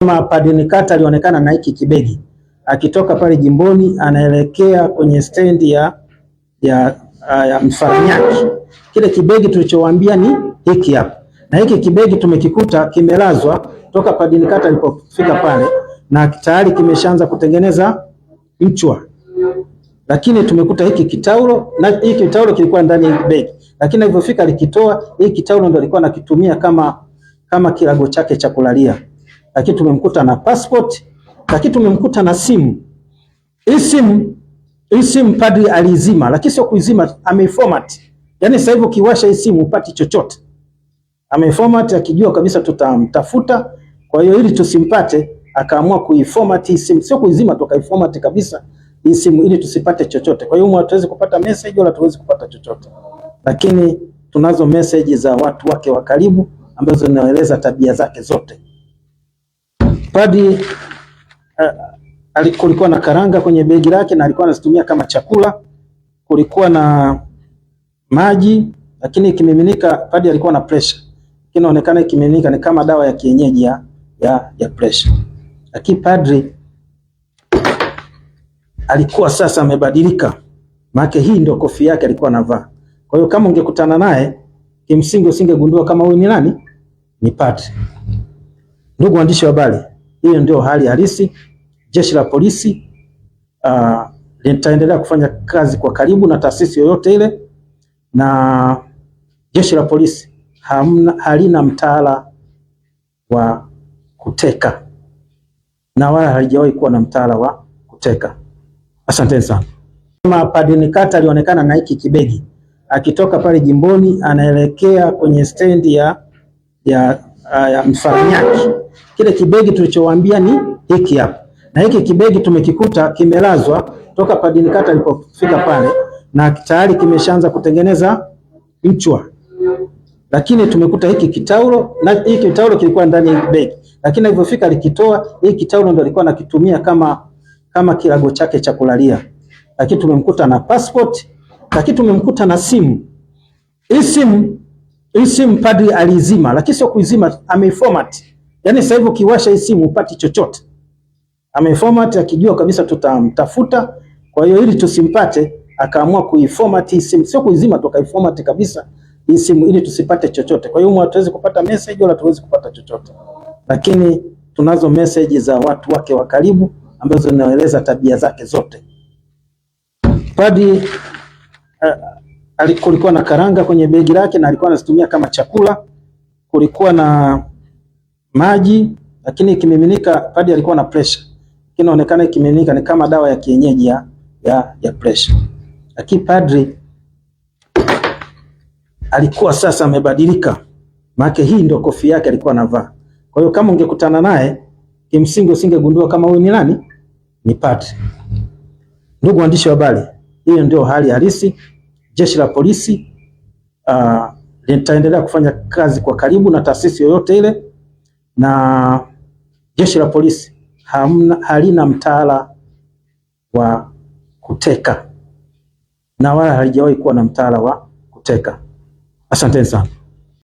Kama Padri Nikata alionekana na hiki kibegi akitoka pale jimboni anaelekea kwenye stendi ya, ya, ya Mfaranyaki. Kile kibegi tulichowaambia ni hiki hapa, na hiki kibegi tumekikuta kimelazwa toka Padri Nikata alipofika pale, na tayari kimeshaanza kutengeneza mchwa, lakini tumekuta hiki kitaulo, na hiki kitaulo kilikuwa ndani ya kibegi, lakini alipofika alikitoa. Hiki kitaulo ndio alikuwa anakitumia kama, kama kilago chake cha kulalia lakini tumemkuta na passport, lakini tumemkuta na simu. Hii simu hii simu padri alizima, lakini sio kuizima, ameformat. Yaani sasa hivi ukiwasha hii simu upati chochote. Ameformat akijua kabisa tutamtafuta, kwa hiyo ili tusimpate akaamua kuiformat hii simu, sio kuizima tu, kaiformat kabisa hii simu ili tusipate chochote. Kwa hiyo hatuwezi kupata message wala hatuwezi kupata chochote, lakini tunazo message za watu wake wa karibu ambazo zinaeleza tabia zake zote. Padi uh, eh, kulikuwa na karanga kwenye begi lake na alikuwa anazitumia kama chakula. Kulikuwa na maji lakini ikimiminika, Padi alikuwa na pressure, kinaonekana ikimiminika ni kama dawa ya kienyeji ya, ya, ya pressure. Lakini padri alikuwa sasa amebadilika, maana hii ndio kofia yake alikuwa anavaa. Kwa hiyo kama ungekutana naye kimsingi usingegundua kama huyu ni nani, ni padri. Ndugu waandishi wa habari hiyo ndio hali halisi. Jeshi la polisi uh, litaendelea kufanya kazi kwa karibu na taasisi yoyote ile, na jeshi la polisi hamna, halina mtaala wa kuteka na wala halijawahi kuwa na mtaala wa kuteka. Asanteni sana. Kama Padri Nikata alionekana na hiki kibegi akitoka pale jimboni anaelekea kwenye stendi ya, ya uh, ya msamiati. Kile kibegi tulichowaambia ni hiki hapa, na hiki kibegi tumekikuta kimelazwa toka padini kata alipofika pale, na tayari kimeshaanza kutengeneza mchwa, lakini tumekuta hiki kitaulo, na hiki kitaulo kilikuwa ndani ya kibegi, lakini alipofika alikitoa. Hiki kitaulo ndio alikuwa anakitumia kama kama kilago chake cha kulalia, lakini tumemkuta na passport, lakini tumemkuta na simu. Hii simu hii simu padri alizima, lakini sio kuizima, ameformat. Yani sasa hivi ukiwasha hii simu upati chochote. ameformat akijua kabisa tutamtafuta, kwa hiyo ili tusimpate akaamua kuiformat hii simu, sio kuizima tu, akaiformat kabisa hii simu ili tusipate chochote. Kwa hiyo humo hatuwezi kupata message wala hatuwezi kupata chochote, lakini tunazo message za watu wake wa karibu ambazo zinaeleza tabia zake zote. Padri uh, kulikuwa na karanga kwenye begi lake na alikuwa anazitumia kama chakula. Kulikuwa na maji, lakini ikimiminika, Padri alikuwa na pressure, kinaonekana ikimiminika ni kama dawa ya kienyeji ya, ya, ya pressure. Lakini Padri alikuwa sasa amebadilika, maana hii ndio kofia yake alikuwa anavaa. Kwa hiyo kama ungekutana naye kimsingi, usingegundua kama huyu ni nani, ni Padri. Ndugu waandishi wa habari, hiyo ndio hali halisi. Jeshi la polisi uh, litaendelea kufanya kazi kwa karibu na taasisi yoyote ile, na jeshi la polisi hamna, halina mtaala wa kuteka na wala halijawahi kuwa na mtaala wa kuteka. Asanteni sana.